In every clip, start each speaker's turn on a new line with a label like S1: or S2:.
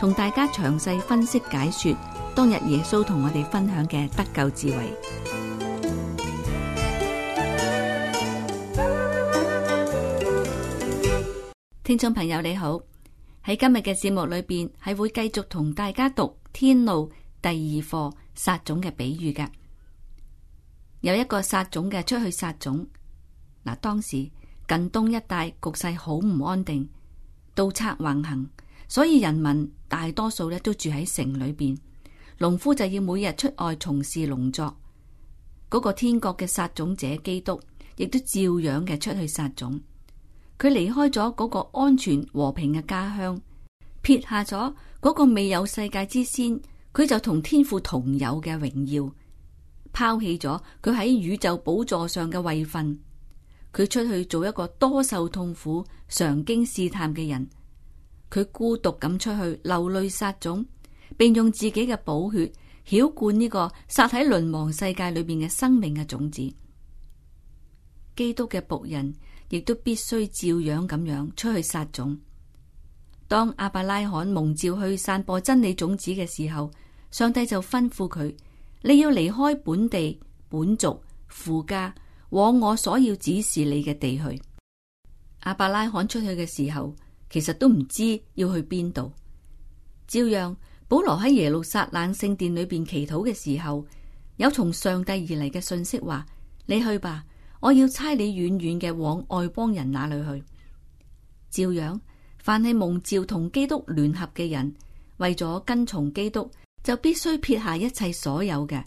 S1: 同大家詳細分析解說，當日耶穌同我哋分享嘅得救智慧。聽眾朋友你好，喺今日嘅節目裏邊係會繼續同大家讀《天路》第二課撒種嘅比喻嘅。有一個撒種嘅出去撒種，嗱，當時近東一帶局勢好唔安定，盜賊橫行。所以人民大多數咧都住喺城裏邊，農夫就要每日出外從事農作。嗰個天國嘅撒種者基督，亦都照樣嘅出去撒種。佢離開咗嗰個安全和平嘅家鄉，撇下咗嗰個未有世界之先，佢就同天父同有嘅榮耀，拋棄咗佢喺宇宙寶座上嘅位份，佢出去做一個多受痛苦、常經試探嘅人。佢孤獨咁出去流淚撒種，並用自己嘅寶血澆灌呢個撒喺淪亡世界裏邊嘅生命嘅種子。基督嘅僕人亦都必須照樣咁樣出去撒種。當亞伯拉罕蒙召去散播真理種子嘅時候，上帝就吩咐佢：你要離開本地本族父家，往我所要指示你嘅地去。亞伯拉罕出去嘅時候，其實都唔知要去邊度，照樣保羅喺耶路撒冷聖殿裏邊祈禱嘅時候，有從上帝而來嘅信息話：你去吧，我要差你遠遠嘅往外邦人那裏去。照樣，凡係蒙召同基督聯合嘅人，為咗跟從基督，就必須撇下一切所有嘅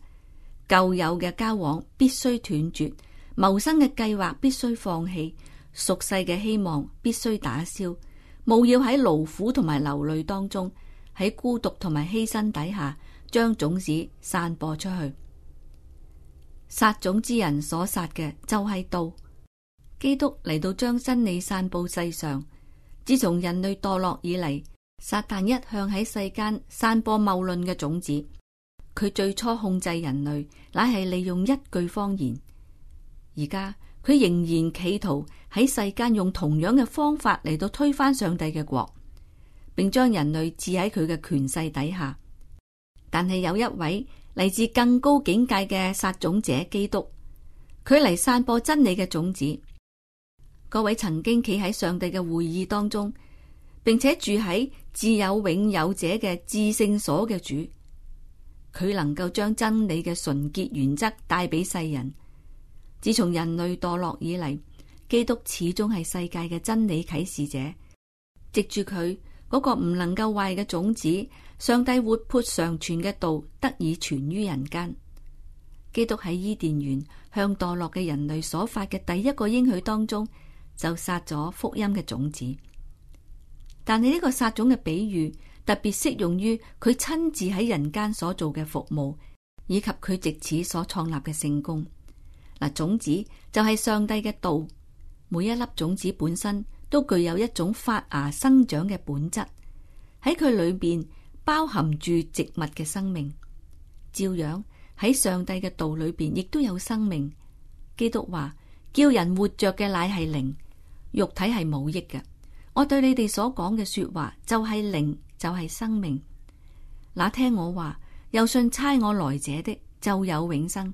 S1: 舊有嘅交往，必須斷絕，謀生嘅計劃必須放棄，俗世嘅希望必須打消。務要喺勞苦同埋流淚當中，喺孤獨同埋犧牲底下，將種子散播出去。撒種之人所撒嘅就係道。基督嚟到將真理散布世上。自從人類墮落以嚟，撒旦一向喺世間散播謬論嘅種子。佢最初控制人類，乃係利用一句謊言。而家。佢仍然企圖喺世間用同樣嘅方法嚟到推翻上帝嘅國，並將人類置喺佢嘅權勢底下。但係有一位嚟自更高境界嘅撒種者基督，佢嚟散播真理嘅種子。各位曾經企喺上帝嘅會議當中，並且住喺自有永有者嘅至聖所嘅主，佢能夠將真理嘅純潔原則帶俾世人。自從人類墮落以嚟，基督始終係世界嘅真理啟示者。藉住佢嗰個唔能夠壞嘅種子，上帝活潑常存嘅道得以存於人間。基督喺伊甸園向墮落嘅人類所發嘅第一個應許當中，就殺咗福音嘅種子。但係呢個殺種嘅比喻，特別適用於佢親自喺人間所做嘅服務，以及佢藉此所創立嘅聖工。嗱，種子就係上帝嘅道，每一粒種子本身都具有一種發芽生長嘅本質，喺佢裏邊包含住植物嘅生命，照樣喺上帝嘅道裏邊亦都有生命。基督話：叫人活着嘅乃係靈，肉體係冇益嘅。我對你哋所講嘅說話就係靈，就係生命。那聽我話又信差我來者的，就有永生。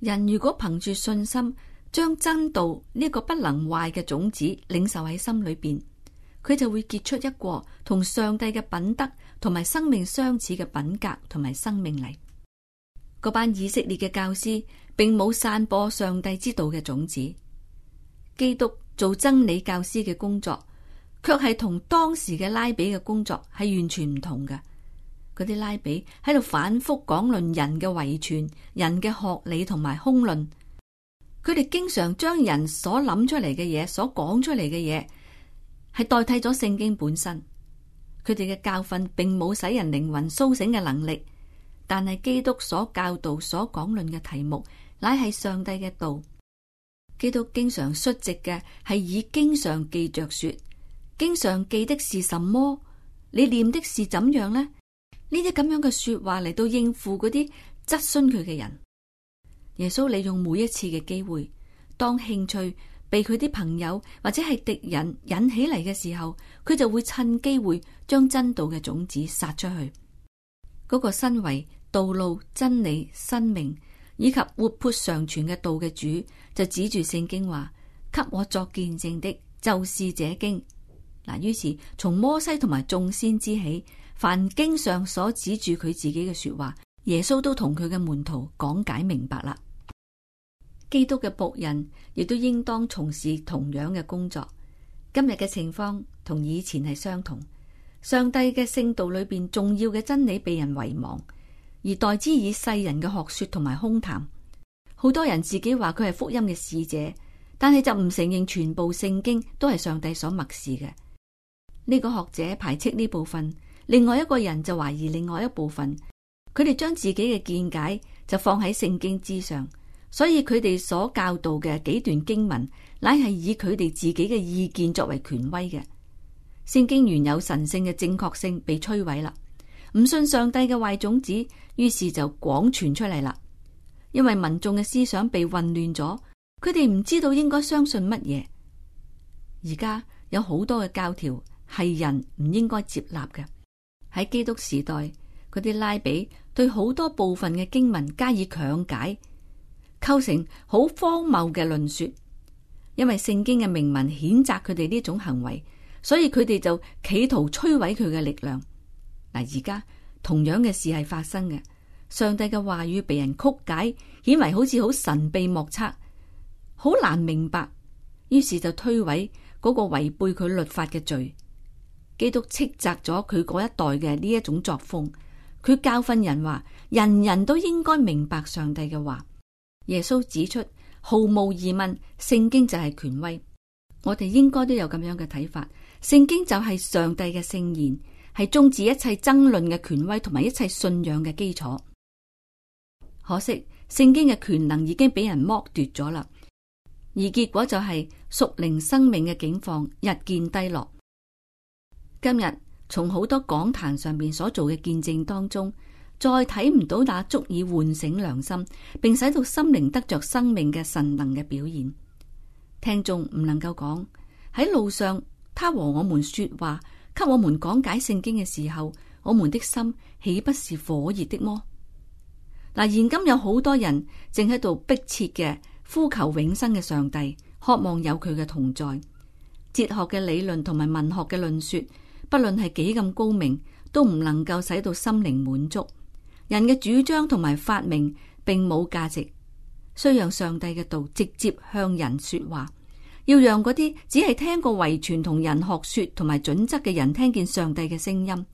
S1: 人如果憑住信心，將真道呢個不能壞嘅種子領受喺心裏邊，佢就會結出一個同上帝嘅品德同埋生命相似嘅品格同埋生命嚟。嗰班以色列嘅教師並冇散播上帝之道嘅種子，基督做真理教師嘅工作，卻係同當時嘅拉比嘅工作係完全唔同嘅。嗰啲拉比喺度反覆講論人嘅遺傳、人嘅學理同埋空論。佢哋經常將人所諗出嚟嘅嘢、所講出嚟嘅嘢，係代替咗聖經本身。佢哋嘅教訓並冇使人靈魂蘇醒嘅能力，但係基督所教導、所講論嘅題目乃係上帝嘅道。基督經常率直嘅係以經上記着說，經常記的是什麼？你念的是怎樣呢？呢啲咁樣嘅說話嚟到應付嗰啲質詢佢嘅人，耶穌利用每一次嘅機會，當興趣被佢啲朋友或者係敵人引起嚟嘅時候，佢就會趁機會將真道嘅種子撒出去。嗰個身為道路、真理、生命以及活潑常存嘅道嘅主，就指住聖經話：給我作見證的，就是這經。嗱，於是從摩西同埋眾先知起。凡經上所指住佢自己嘅說話，耶穌都同佢嘅門徒講解明白啦。基督嘅僕人亦都應當從事同樣嘅工作。今日嘅情況同以前係相同，上帝嘅聖道裏邊重要嘅真理被人遺忘，而代之以世人嘅學說同埋空談。好多人自己話佢係福音嘅使者，但係就唔承認全部聖經都係上帝所默示嘅。呢個學者排斥呢部分。另外一個人就懷疑另外一部分，佢哋將自己嘅見解就放喺聖經之上，所以佢哋所教導嘅幾段經文，乃係以佢哋自己嘅意見作為權威嘅。聖經原有神聖嘅正確性被摧毀啦，唔信上帝嘅壞種子，於是就廣傳出嚟啦。因為民眾嘅思想被混亂咗，佢哋唔知道應該相信乜嘢。而家有好多嘅教條係人唔應該接納嘅。喺基督時代，嗰啲拉比對好多部分嘅經文加以強解，構成好荒謬嘅論說。因為聖經嘅明文譴責佢哋呢種行為，所以佢哋就企圖摧毀佢嘅力量。嗱，而家同樣嘅事係發生嘅，上帝嘅話語被人曲解，顯為好似好神秘莫測，好難明白。於是就推諉嗰個違背佢律法嘅罪。基督斥責咗佢嗰一代嘅呢一種作風，佢教訓人話：人人都應該明白上帝嘅話。耶穌指出，毫無疑問，聖經就係權威。我哋應該都有咁樣嘅睇法。聖經就係上帝嘅聖言，係終止一切爭論嘅權威同埋一切信仰嘅基礎。可惜，聖經嘅權能已經俾人剝奪咗啦，而結果就係屬靈生命嘅境況日漸低落。今日從好多講壇上面所做嘅見證當中，再睇唔到那足以喚醒良心，並使到心靈得着生命嘅神能嘅表現。聽眾唔能夠講喺路上，他和我們說話，給我們講解聖經嘅時候，我們的心豈不是火熱的麼？嗱，現今有好多人正喺度迫切嘅呼求永生嘅上帝，渴望有佢嘅同在。哲學嘅理論同埋文學嘅論說。不論係幾咁高明，都唔能夠使到心靈滿足。人嘅主張同埋發明並冇價值，需要上帝嘅道直接向人說話，要讓嗰啲只係聽過遺傳同人學說同埋準則嘅人聽見上帝嘅聲音。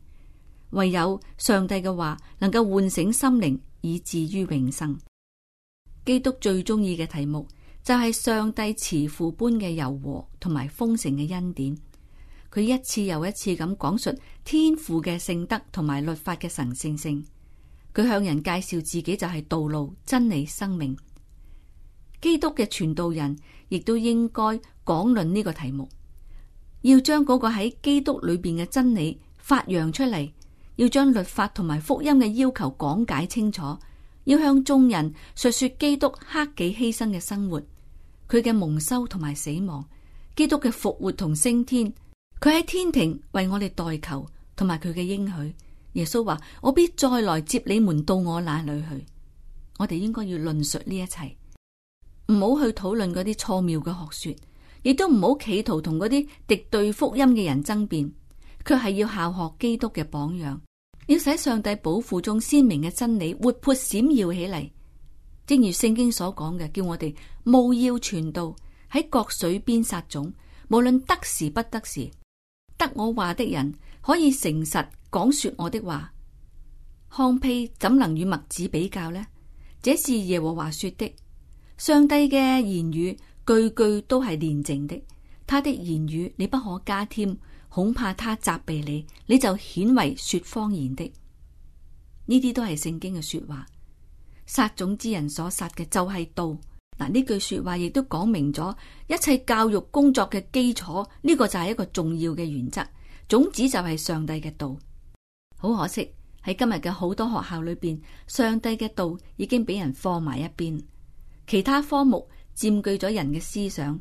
S1: 唯有上帝嘅話能夠喚醒心靈，以至於永生。基督最中意嘅題目就係上帝慈父般嘅柔和同埋豐盛嘅恩典。佢一次又一次咁講述天父嘅聖德同埋律法嘅神聖性。佢向人介紹自己就係道路、真理、生命。基督嘅傳道人亦都應該講論呢個題目，要將嗰個喺基督裏邊嘅真理發揚出嚟，要將律法同埋福音嘅要求講解清楚，要向眾人述說基督克己犧牲嘅生活，佢嘅蒙羞同埋死亡，基督嘅復活同升天。佢喺天庭為我哋代求，同埋佢嘅應許。耶穌話：我必再來接你們到我那裏去。我哋應該要論述呢一切，唔好去討論嗰啲錯謬嘅學說，亦都唔好企圖同嗰啲敵對福音嘅人爭辯，佢係要效學基督嘅榜樣，要使上帝寶庫中鮮明嘅真理活潑閃耀起嚟。正如聖經所講嘅，叫我哋務要傳道，喺各水邊撒種，無論得時不得時。得我話的人可以誠實講說我的話，糠秕怎能與麥子比較呢？這是耶和華說的。上帝嘅言語句句都係煉淨的，他的言語你不可加添，恐怕他責備你，你就顯為說謊言的。呢啲都係聖經嘅說話，殺種之人所殺嘅就係道。嗱，呢句說話亦都講明咗一切教育工作嘅基礎，呢個就係一個重要嘅原則。總旨就係上帝嘅道。好可惜喺今日嘅好多學校裏邊，上帝嘅道已經俾人放埋一邊，其他科目佔據咗人嘅思想。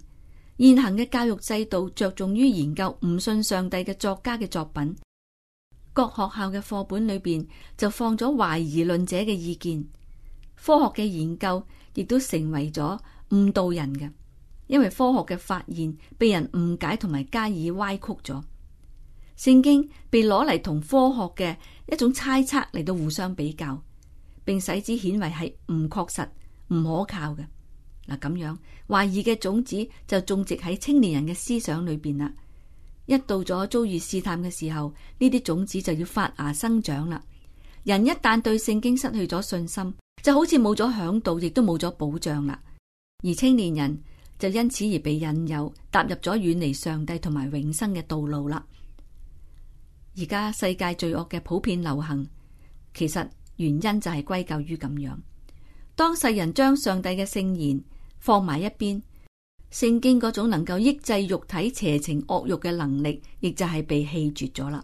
S1: 現行嘅教育制度着重於研究唔信上帝嘅作家嘅作品，各學校嘅課本裏邊就放咗懷疑論者嘅意見，科學嘅研究。亦都成為咗誤導人嘅，因為科學嘅發現被人誤解同埋加以歪曲咗，聖經被攞嚟同科學嘅一種猜測嚟到互相比較，並使之顯為係唔確實、唔可靠嘅。嗱，咁樣懷疑嘅種子就種植喺青年人嘅思想裏邊啦。一到咗遭遇試探嘅時候，呢啲種子就要發芽生長啦。人一旦對聖經失去咗信心。就好似冇咗響度，亦都冇咗保障啦。而青年人就因此而被引誘，踏入咗遠離上帝同埋永生嘅道路啦。而家世界罪惡嘅普遍流行，其實原因就係歸咎於咁樣。當世人將上帝嘅聖言放埋一邊，聖經嗰種能夠抑制肉體邪情惡慾嘅能力，亦就係被棄絕咗啦。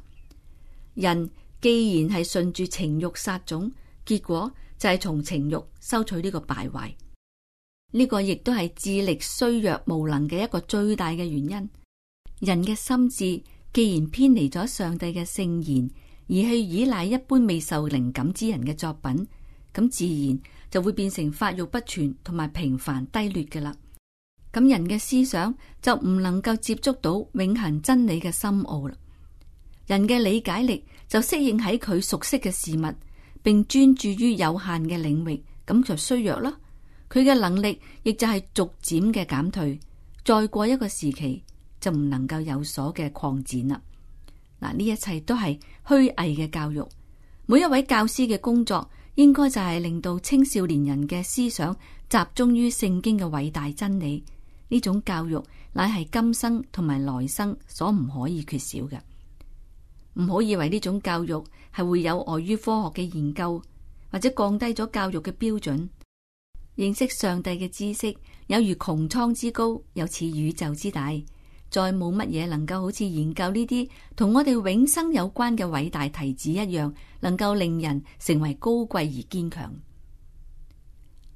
S1: 人既然係順住情慾殺種，結果。就係從情欲收取呢個敗壞，呢個亦都係智力衰弱無能嘅一個最大嘅原因。人嘅心智既然偏離咗上帝嘅聖言，而去依賴一般未受靈感之人嘅作品，咁自然就會變成發育不全同埋平凡低劣嘅啦。咁人嘅思想就唔能夠接觸到永恆真理嘅深奧啦，人嘅理解力就適應喺佢熟悉嘅事物，並專注於有限嘅領域，咁就衰弱啦。佢嘅能力亦就係逐漸嘅減退，再過一個時期就唔能夠有所嘅擴展啦。嗱，呢一切都係虛偽嘅教育。每一位教師嘅工作，應該就係令到青少年人嘅思想集中於聖經嘅偉大真理。呢種教育乃係今生同埋來生所唔可以缺少嘅。唔好以為呢種教育。係會有礙於科學嘅研究，或者降低咗教育嘅標準。認識上帝嘅知識，有如穹蒼之高，有似宇宙之大，再冇乜嘢能夠好似研究呢啲同我哋永生有關嘅偉大提子一樣，能夠令人成為高貴而堅強。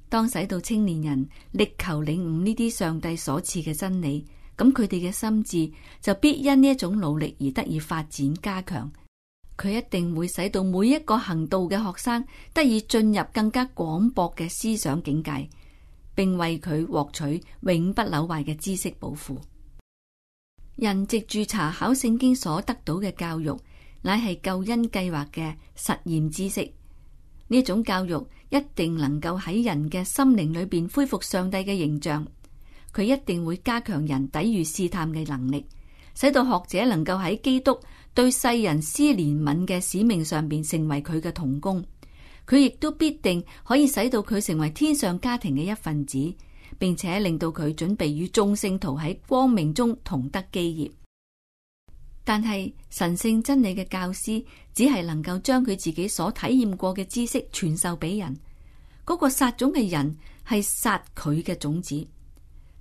S1: 當使到青年人力求領悟呢啲上帝所賜嘅真理，咁佢哋嘅心智就必因呢一種努力而得以發展加強。佢一定會使到每一個行道嘅學生得以進入更加廣博嘅思想境界，並為佢獲取永不朽壞嘅知識寶庫。人藉住查考聖經所得到嘅教育，乃係救恩計劃嘅實驗知識。呢一種教育一定能夠喺人嘅心靈裏邊恢復上帝嘅形象。佢一定會加強人抵御試探嘅能力，使到學者能夠喺基督。對世人施憐憫嘅使命上邊，成為佢嘅同工。佢亦都必定可以使到佢成為天上家庭嘅一份子，並且令到佢準備與眾聖徒喺光明中同得基業。但係神聖真理嘅教師只係能夠將佢自己所體驗過嘅知識傳授俾人。嗰個殺種嘅人係殺佢嘅種子。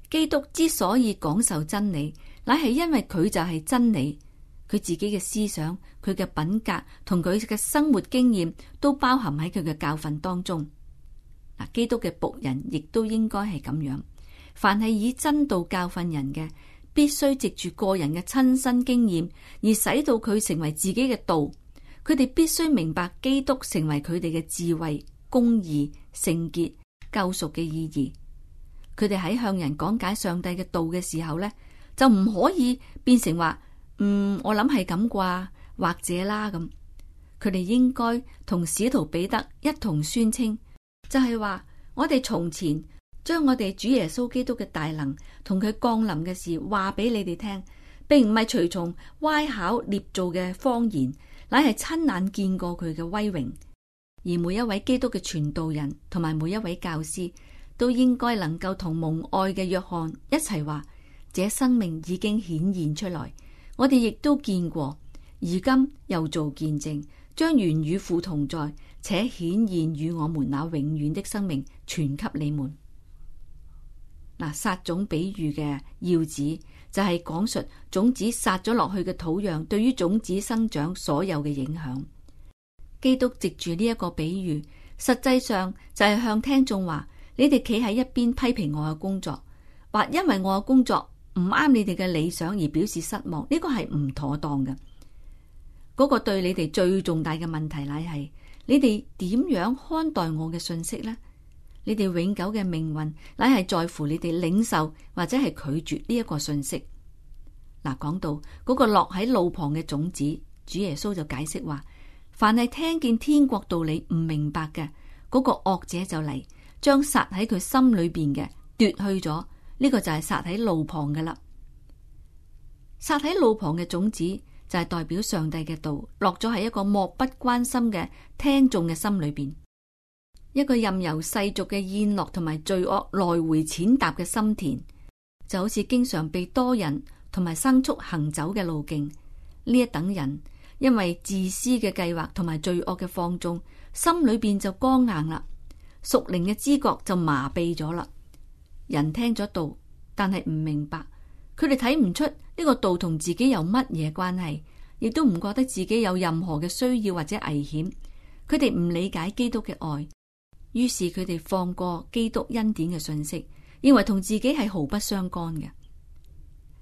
S1: 基督之所以講授真理，乃係因為佢就係真理。佢自己嘅思想，佢嘅品格同佢嘅生活經驗都包含喺佢嘅教訓當中。嗱，基督嘅僕人亦都應該係咁樣。凡係以真道教訓人嘅，必須藉住個人嘅親身經驗而使到佢成為自己嘅道。佢哋必須明白基督成為佢哋嘅智慧、公義、聖潔、救贖嘅意義。佢哋喺向人講解上帝嘅道嘅時候咧，就唔可以變成話。嗯，我諗係咁啩，或者啦咁，佢哋應該同使徒彼得一同宣稱，就係話，我哋從前將我哋主耶穌基督嘅大能同佢降臨嘅事話俾你哋聽，並唔係隨從乖巧捏造嘅謊言，乃係親眼見過佢嘅威榮。而每一位基督嘅傳道人同埋每一位教師都應該能夠同蒙愛嘅約翰一齊話，這生命已經顯現出來。我哋亦都見過，而今又做見證，將原與父同在，且顯現與我們那永遠的生命，傳給你們。嗱、啊，撒種比喻嘅要旨就係、是、講述種子撒咗落去嘅土壤對於種子生長所有嘅影響。基督藉住呢一個比喻，實際上就係向聽眾話：你哋企喺一邊批評我嘅工作，或因為我嘅工作，唔啱你哋嘅理想而表示失望，呢個係唔妥當嘅。嗰個對你哋最重大嘅問題乃係你哋點樣看待我嘅信息呢？你哋永久嘅命運乃係在乎你哋領受或者係拒絕呢一個信息。嗱，講到嗰個落喺路旁嘅種子，主耶穌就解釋話：凡係聽見天國道理唔明白嘅，嗰個惡者就嚟將撒喺佢心裏邊嘅奪去咗。呢個就係撒喺路旁嘅啦，撒喺路旁嘅種子就係、是、代表上帝嘅道落咗喺一個漠不關心嘅聽眾嘅心裏邊，一個任由世俗嘅宴樂同埋罪惡來回踐踏嘅心田，就好似經常被多人同埋牲畜行走嘅路徑。呢一等人因為自私嘅計劃同埋罪惡嘅放縱，心裏邊就剛硬啦，屬靈嘅知覺就麻痹咗啦。人聽咗道，但係唔明白，佢哋睇唔出呢個道同自己有乜嘢關係，亦都唔覺得自己有任何嘅需要或者危險。佢哋唔理解基督嘅愛，於是佢哋放過基督恩典嘅信息，認為同自己係毫不相干嘅。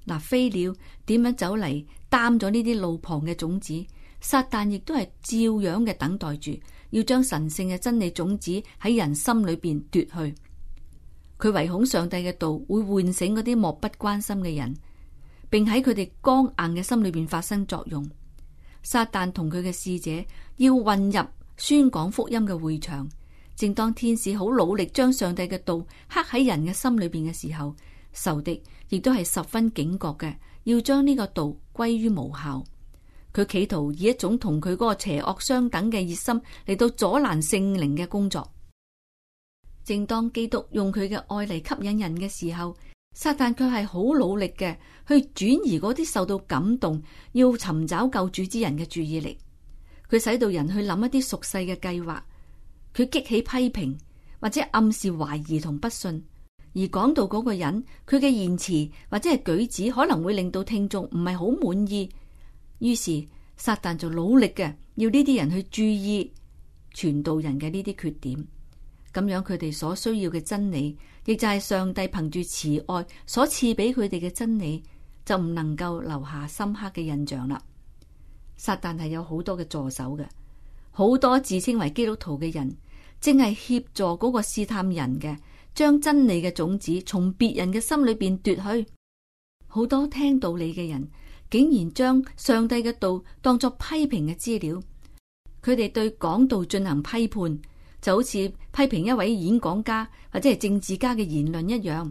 S1: 嗱，飛鳥點樣走嚟擔咗呢啲路旁嘅種子？撒旦亦都係照樣嘅等待住，要將神聖嘅真理種子喺人心裏邊奪去。佢唯恐上帝嘅道會喚醒嗰啲漠不關心嘅人，並喺佢哋剛硬嘅心裏邊發生作用。撒旦同佢嘅使者要混入宣講福音嘅會場，正當天使好努力將上帝嘅道刻喺人嘅心裏邊嘅時候，仇敵亦都係十分警覺嘅，要將呢個道歸於無效。佢企圖以一種同佢嗰個邪惡相等嘅熱心嚟到阻攔聖靈嘅工作。正當基督用佢嘅愛嚟吸引人嘅時候，撒旦佢係好努力嘅去轉移嗰啲受到感動要尋找救主之人嘅注意力。佢使到人去諗一啲熟悉嘅計劃，佢激起批評或者暗示懷疑同不信。而講道嗰個人，佢嘅言辭或者係舉止可能會令到聽眾唔係好滿意。於是撒旦就努力嘅要呢啲人去注意傳道人嘅呢啲缺點。咁樣佢哋所需要嘅真理，亦就係上帝憑住慈愛所賜俾佢哋嘅真理，就唔能夠留下深刻嘅印象啦。撒旦係有好多嘅助手嘅，好多自稱為基督徒嘅人，正係協助嗰個試探人嘅，將真理嘅種子從別人嘅心裏邊奪去。好多聽到你嘅人，竟然將上帝嘅道當作批評嘅資料，佢哋對講道進行批判。就好似批評一位演講家或者係政治家嘅言論一樣，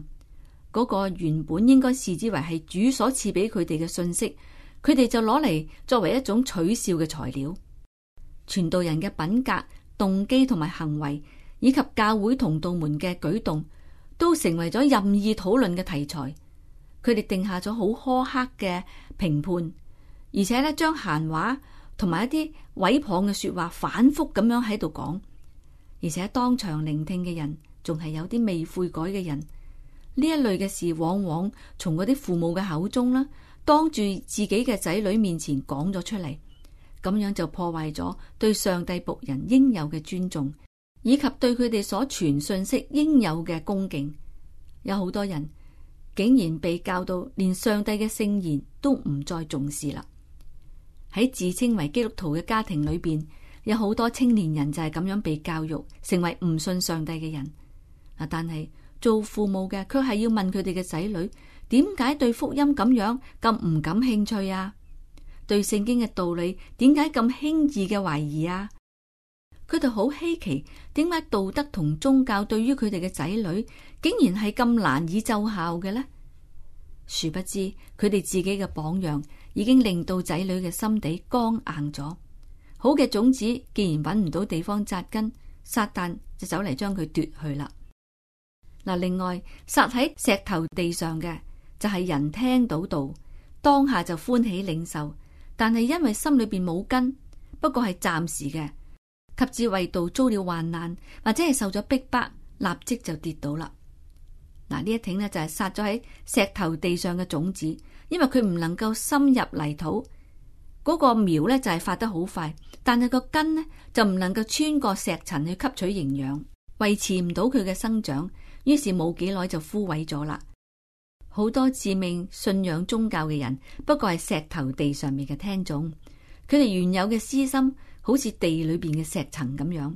S1: 嗰、那個原本應該視之為係主所賜俾佢哋嘅信息，佢哋就攞嚟作為一種取笑嘅材料。傳道人嘅品格、動機同埋行為，以及教會同道們嘅舉動，都成為咗任意討論嘅題材。佢哋定下咗好苛刻嘅評判，而且咧將閒話同埋一啲猥瑣嘅說話反復咁樣喺度講。而且當場聆聽嘅人，仲係有啲未悔改嘅人，呢一類嘅事，往往從嗰啲父母嘅口中啦，當住自己嘅仔女面前講咗出嚟，咁樣就破壞咗對上帝僕人應有嘅尊重，以及對佢哋所傳信息應有嘅恭敬。有好多人竟然被教到連上帝嘅聖言都唔再重視啦。喺自稱為基督徒嘅家庭裏面。有好多青年人就係咁樣被教育，成為唔信上帝嘅人。啊！但係做父母嘅，卻係要問佢哋嘅仔女，點解對福音咁樣咁唔感興趣啊？對聖經嘅道理，點解咁輕易嘅懷疑啊？佢哋好稀奇，點解道德同宗教對於佢哋嘅仔女，竟然係咁難以奏效嘅呢？殊不知，佢哋自己嘅榜樣，已經令到仔女嘅心底剛硬咗。好嘅種子，既然揾唔到地方扎根，撒旦就走嚟將佢奪去啦。嗱，另外撒喺石頭地上嘅就係、是、人聽到道，當下就歡喜領受，但係因為心裏邊冇根，不過係暫時嘅，及至為道遭了患難，或者係受咗逼迫，迫，立即就跌倒啦。嗱，呢一挺呢，就係撒咗喺石頭地上嘅種子，因為佢唔能夠深入泥土。嗰個苗咧就係發得好快，但係個根呢，就唔能夠穿過石層去吸取營養，維持唔到佢嘅生長，於是冇幾耐就枯萎咗啦。好多自命信仰宗教嘅人，不過係石頭地上面嘅聽眾，佢哋原有嘅私心好似地裏邊嘅石層咁樣，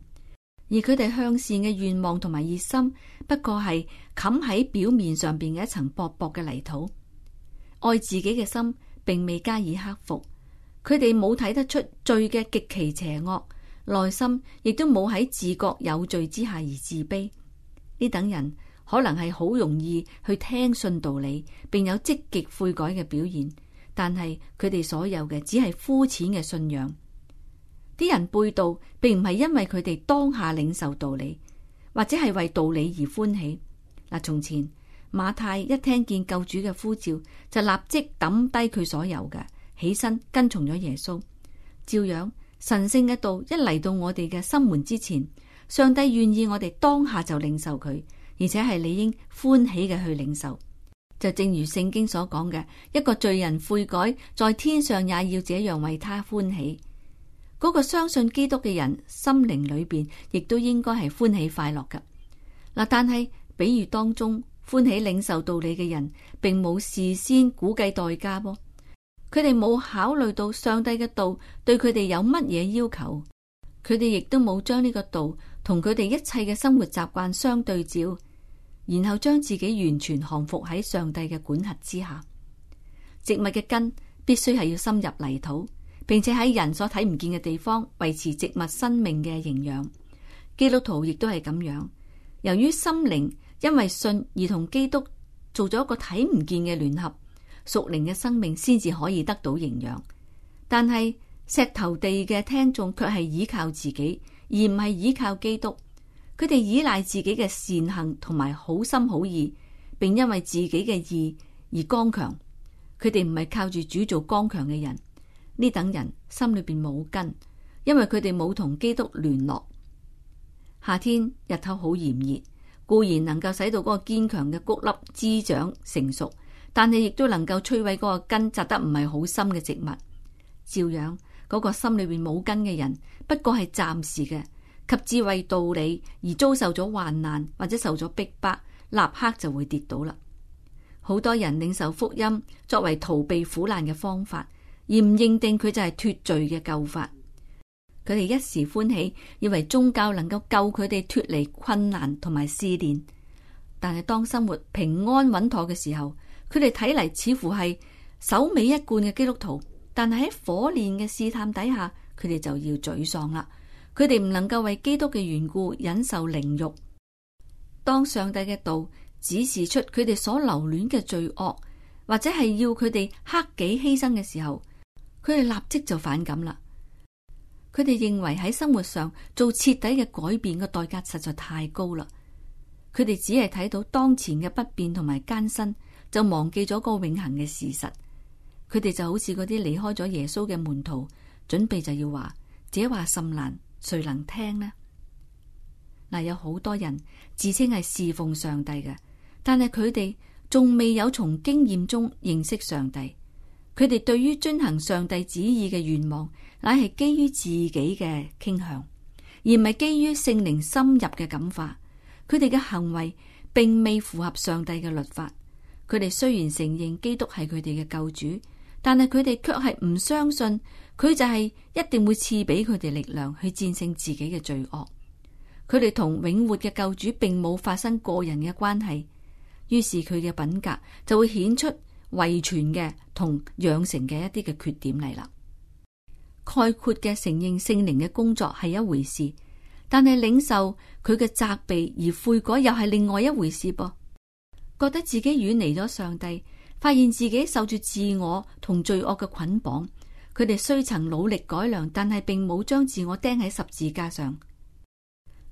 S1: 而佢哋向善嘅願望同埋熱心，不過係冚喺表面上邊嘅一層薄薄嘅泥土，愛自己嘅心並未加以克服。佢哋冇睇得出罪嘅極其邪惡，內心亦都冇喺自覺有罪之下而自卑。呢等人可能係好容易去聽信道理，並有積極悔改嘅表現，但係佢哋所有嘅只係膚淺嘅信仰。啲人背道，並唔係因為佢哋當下領受道理，或者係為道理而歡喜。嗱，從前馬太一聽見救主嘅呼召，就立即抌低佢所有嘅。起身跟從咗耶穌，照樣神聖嘅道一嚟到我哋嘅心門之前，上帝願意我哋當下就領受佢，而且係理應歡喜嘅去領受。就正如聖經所講嘅，一個罪人悔改，在天上也要這樣為他歡喜。嗰個相信基督嘅人心靈裏邊，亦都應該係歡喜快樂嘅。嗱，但係比喻當中歡喜領受道理嘅人，並冇事先估計代價噃。佢哋冇考慮到上帝嘅道對佢哋有乜嘢要求，佢哋亦都冇將呢個道同佢哋一切嘅生活習慣相對照，然後將自己完全降服喺上帝嘅管轄之下。植物嘅根必須係要深入泥土，並且喺人所睇唔見嘅地方維持植物生命嘅營養。基督徒亦都係咁樣，由於心靈因為信而同基督做咗一個睇唔見嘅聯合。屬靈嘅生命先至可以得到營養，但係石頭地嘅聽眾卻係依靠自己，而唔係依靠基督。佢哋依賴自己嘅善行同埋好心好意，並因為自己嘅義而剛強。佢哋唔係靠住主做剛強嘅人。呢等人心裏邊冇根，因為佢哋冇同基督聯絡。夏天日頭好炎熱，固然能夠使到嗰個堅強嘅穀粒滋長成熟。但係，亦都能夠摧毀嗰個根扎得唔係好深嘅植物。照樣，嗰個心裏邊冇根嘅人，不過係暫時嘅。及智慧道理而遭受咗患難或者受咗逼迫，立刻就會跌倒啦。好多人領受福音作為逃避苦難嘅方法，而唔認定佢就係脫罪嘅救法。佢哋一時歡喜，以為宗教能夠救佢哋脫離困難同埋思念。但係當生活平安穩妥嘅時候，佢哋睇嚟似乎係首尾一貫嘅基督徒，但係喺火煉嘅試探底下，佢哋就要沮喪啦。佢哋唔能夠為基督嘅緣故忍受凌辱。當上帝嘅道指示出佢哋所留戀嘅罪惡，或者係要佢哋克己犧牲嘅時候，佢哋立即就反感啦。佢哋認為喺生活上做徹底嘅改變嘅代價實在太高啦。佢哋只係睇到當前嘅不便同埋艱辛。就忘記咗個永恒嘅事實，佢哋就好似嗰啲離開咗耶穌嘅門徒，準備就要話，這話甚難，誰能聽呢？嗱，有好多人自稱係侍奉上帝嘅，但係佢哋仲未有從經驗中認識上帝。佢哋對於遵行上帝旨意嘅願望，乃係基於自己嘅傾向，而唔係基於聖靈深入嘅感化。佢哋嘅行為並未符合上帝嘅律法。佢哋雖然承認基督係佢哋嘅救主，但係佢哋卻係唔相信佢就係一定會賜俾佢哋力量去戰勝自己嘅罪惡。佢哋同永活嘅救主並冇發生個人嘅關係，於是佢嘅品格就會顯出遺傳嘅同養成嘅一啲嘅缺點嚟啦。概括嘅承認聖靈嘅工作係一回事，但係領受佢嘅責備而悔改又係另外一回事噃。覺得自己遠離咗上帝，發現自己受住自我同罪惡嘅捆綁。佢哋雖曾努力改良，但係並冇將自我釘喺十字架上。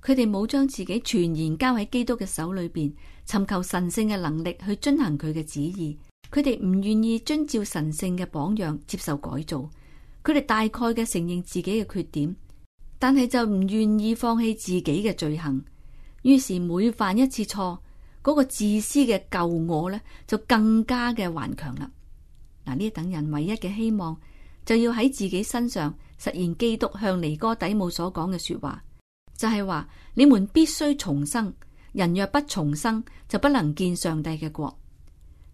S1: 佢哋冇將自己全然交喺基督嘅手裏邊，尋求神聖嘅能力去遵行佢嘅旨意。佢哋唔願意遵照神聖嘅榜樣接受改造。佢哋大概嘅承認自己嘅缺點，但係就唔願意放棄自己嘅罪行。於是每犯一次錯。嗰個自私嘅舊我呢，就更加嘅頑強啦。嗱，呢等人唯一嘅希望就要喺自己身上實現基督向尼哥底母所講嘅說話，就係話你們必須重生。人若不重生，就不能見上帝嘅國。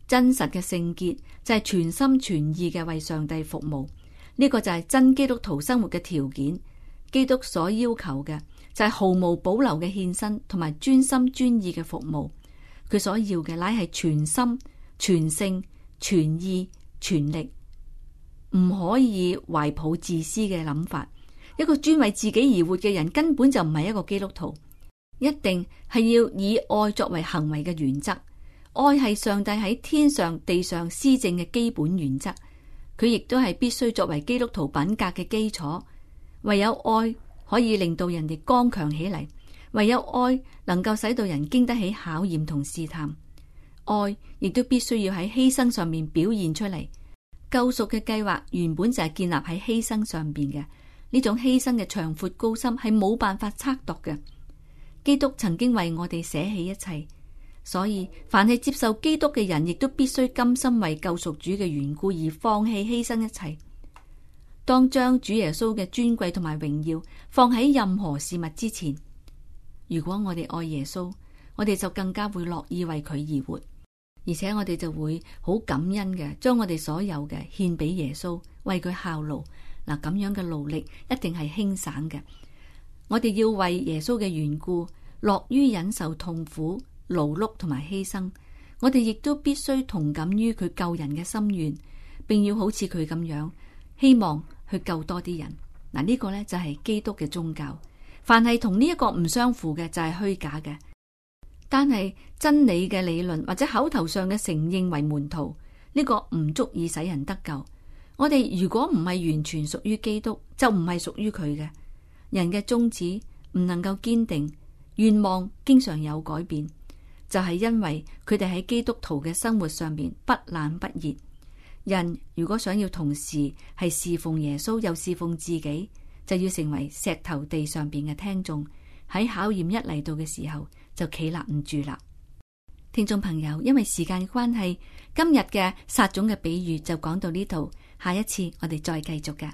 S1: 真實嘅聖潔就係全心全意嘅為上帝服務，呢個就係真基督徒生活嘅條件。基督所要求嘅就係毫無保留嘅獻身，同埋專心專意嘅服務。佢所要嘅乃係全心、全性、全意、全力，唔可以懷抱自私嘅諗法。一個專為自己而活嘅人，根本就唔係一個基督徒。一定係要以愛作為行為嘅原則。愛係上帝喺天上地上施政嘅基本原則，佢亦都係必須作為基督徒品格嘅基礎。唯有愛可以令到人哋剛強起嚟。唯有愛能夠使到人經得起考驗同試探，愛亦都必須要喺犧牲上面表現出嚟。救贖嘅計劃原本就係建立喺犧牲上邊嘅。呢種犧牲嘅長闊高深係冇辦法測度嘅。基督曾經為我哋捨棄一切，所以凡係接受基督嘅人，亦都必須甘心為救贖主嘅緣故而放棄犧牲一切。當將主耶穌嘅尊貴同埋榮耀放喺任何事物之前。如果我哋愛耶穌，我哋就更加會樂意為佢而活，而且我哋就會好感恩嘅，將我哋所有嘅獻俾耶穌，為佢效勞。嗱，咁樣嘅勞力一定係輕省嘅。我哋要為耶穌嘅緣故，樂於忍受痛苦、勞碌同埋犧牲。我哋亦都必須同感於佢救人嘅心願，並要好似佢咁樣，希望去救多啲人。嗱，呢個咧就係基督嘅宗教。凡係同呢一個唔相符嘅，就係虛假嘅。但係真理嘅理論或者口頭上嘅承認為門徒，呢個唔足以使人得救。我哋如果唔係完全屬於基督，就唔係屬於佢嘅。人嘅宗旨唔能夠堅定，願望經常有改變，就係因為佢哋喺基督徒嘅生活上面不冷不熱。人如果想要同時係侍奉耶穌又侍奉自己，就要成為石頭地上邊嘅聽眾，喺考驗一嚟到嘅時候就企立唔住啦。聽眾朋友，因為時間嘅關係，今日嘅撒種嘅比喻就講到呢度，下一次我哋再繼續㗎。